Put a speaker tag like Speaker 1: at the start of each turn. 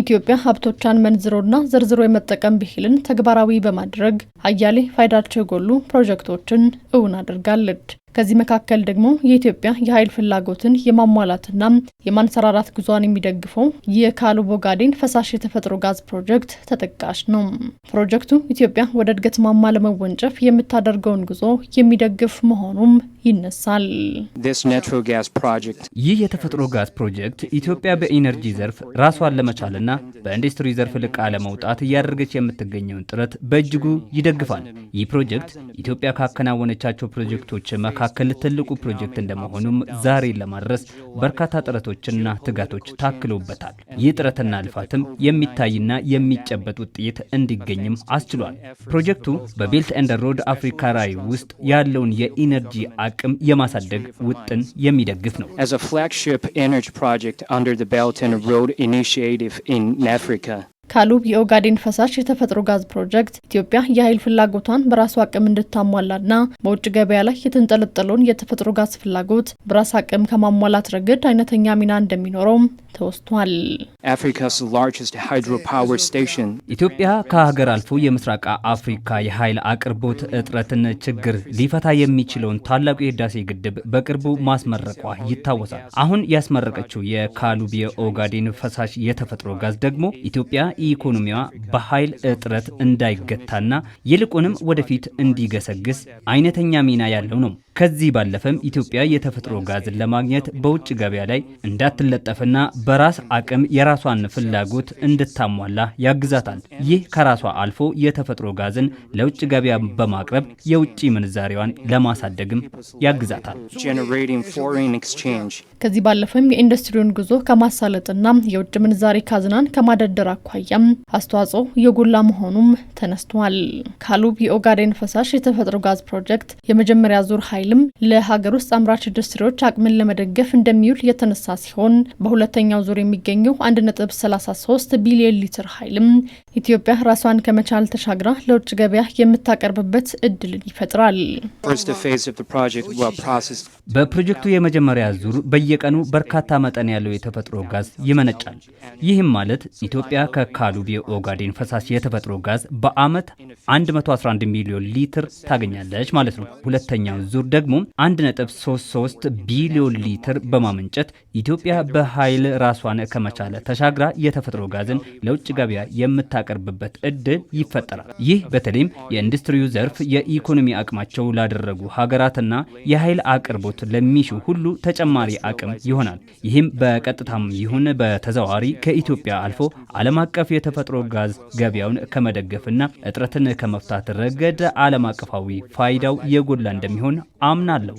Speaker 1: ኢትዮጵያ ሀብቶቿን መንዝሮና ዘርዝሮ የመጠቀም ብሂልን ተግባራዊ በማድረግ አያሌ ፋይዳቸው የጎሉ ፕሮጀክቶችን እውን አድርጋለች። ከዚህ መካከል ደግሞ የኢትዮጵያ የኃይል ፍላጎትን የማሟላትና የማንሰራራት ጉዞን የሚደግፈው የካሉ ቦጋዴን ፈሳሽ የተፈጥሮ ጋዝ ፕሮጀክት ተጠቃሽ ነው። ፕሮጀክቱ ኢትዮጵያ ወደ እድገት ማማ ለመወንጨፍ የምታደርገውን ጉዞ የሚደግፍ መሆኑም ይነሳል።
Speaker 2: ይህ የተፈጥሮ ጋዝ ፕሮጀክት ኢትዮጵያ በኢነርጂ ዘርፍ ራሷን ለመቻልና በኢንዱስትሪ ዘርፍ ልቃ ለመውጣት እያደረገች የምትገኘውን ጥረት በእጅጉ ይደግፋል። ይህ ፕሮጀክት ኢትዮጵያ ካከናወነቻቸው ፕሮጀክቶች መካከል መካከል ትልቁ ፕሮጀክት እንደመሆኑም ዛሬ ለማድረስ በርካታ ጥረቶችና ትጋቶች ታክለውበታል። ይህ ጥረትና ልፋትም የሚታይና የሚጨበጥ ውጤት እንዲገኝም አስችሏል። ፕሮጀክቱ በቤልት ኤንድ ሮድ አፍሪካ ራይ ውስጥ ያለውን የኢነርጂ አቅም የማሳደግ ውጥን የሚደግፍ ነው።
Speaker 3: As a flagship energy project under the Belt and Road Initiative in Africa.
Speaker 1: ካሉብ የኦጋዴን ፈሳሽ የተፈጥሮ ጋዝ ፕሮጀክት ኢትዮጵያ የኃይል ፍላጎቷን በራሱ አቅም እንድታሟላና በውጭ ገበያ ላይ የተንጠለጠለውን የተፈጥሮ ጋዝ ፍላጎት በራስ አቅም ከማሟላት ረገድ አይነተኛ ሚና እንደሚኖረው ተወስቷል።
Speaker 2: ኢትዮጵያ ከሀገር አልፎ የምስራቅ አፍሪካ የኃይል አቅርቦት እጥረትን ችግር ሊፈታ የሚችለውን ታላቁ የህዳሴ ግድብ በቅርቡ ማስመረቋ ይታወሳል። አሁን ያስመረቀችው የካሉብ የኦጋዴን ፈሳሽ የተፈጥሮ ጋዝ ደግሞ ኢትዮጵያ ኢኮኖሚዋ በኃይል እጥረት እንዳይገታና ይልቁንም ወደፊት እንዲገሰግስ አይነተኛ ሚና ያለው ነው። ከዚህ ባለፈም ኢትዮጵያ የተፈጥሮ ጋዝን ለማግኘት በውጭ ገበያ ላይ እንዳትለጠፍና በራስ አቅም የራሷን ፍላጎት እንድታሟላ ያግዛታል። ይህ ከራሷ አልፎ የተፈጥሮ ጋዝን ለውጭ ገበያ በማቅረብ የውጭ ምንዛሪዋን ለማሳደግም ያግዛታል።
Speaker 1: ከዚህ ባለፈም የኢንዱስትሪውን ጉዞ ከማሳለጥና የውጭ ምንዛሬ ካዝናን ከማደደር አኳያም አስተዋጽኦ የጎላ መሆኑም ተነስቷል። ካሉብ የኦጋዴን ፈሳሽ የተፈጥሮ ጋዝ ፕሮጀክት የመጀመሪያ ዙር ኃይልም ለሀገር ውስጥ አምራች ኢንዱስትሪዎች አቅምን ለመደገፍ እንደሚውል የተነሳ ሲሆን በሁለተኛ በሁለተኛው ዙር የሚገኘው 1.33 ቢሊዮን ሊትር ኃይልም ኢትዮጵያ ራሷን ከመቻል ተሻግራ ለውጭ ገበያ የምታቀርብበት እድልን ይፈጥራል።
Speaker 2: በፕሮጀክቱ የመጀመሪያ ዙር በየቀኑ በርካታ መጠን ያለው የተፈጥሮ ጋዝ ይመነጫል። ይህም ማለት ኢትዮጵያ ከካሉብ የኦጋዴን ፈሳሽ የተፈጥሮ ጋዝ በአመት 111 ሚሊዮን ሊትር ታገኛለች ማለት ነው። ሁለተኛው ዙር ደግሞ 1.33 ቢሊዮን ሊትር በማመንጨት ኢትዮጵያ በኃይል ራሷን ከመቻለ ተሻግራ የተፈጥሮ ጋዝን ለውጭ ገበያ የምታቀርብበት እድል ይፈጠራል። ይህ በተለይም የኢንዱስትሪው ዘርፍ የኢኮኖሚ አቅማቸው ላደረጉ ሀገራትና የኃይል አቅርቦት ለሚሹ ሁሉ ተጨማሪ አቅም ይሆናል። ይህም በቀጥታም ይሁን በተዘዋዋሪ ከኢትዮጵያ አልፎ ዓለም አቀፍ የተፈጥሮ ጋዝ ገበያውን ከመደገፍና እጥረትን ከመፍታት ረገድ ዓለም አቀፋዊ ፋይዳው የጎላ እንደሚሆን አምናለሁ።